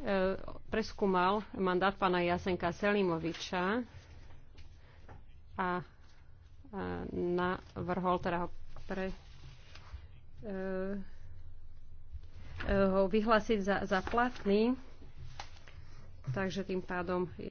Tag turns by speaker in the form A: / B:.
A: E, preskúmal mandát pána Jasenka Selimoviča a e, navrhol teda ho pre e, ho vyhlásiť za, za platný, takže tým pádom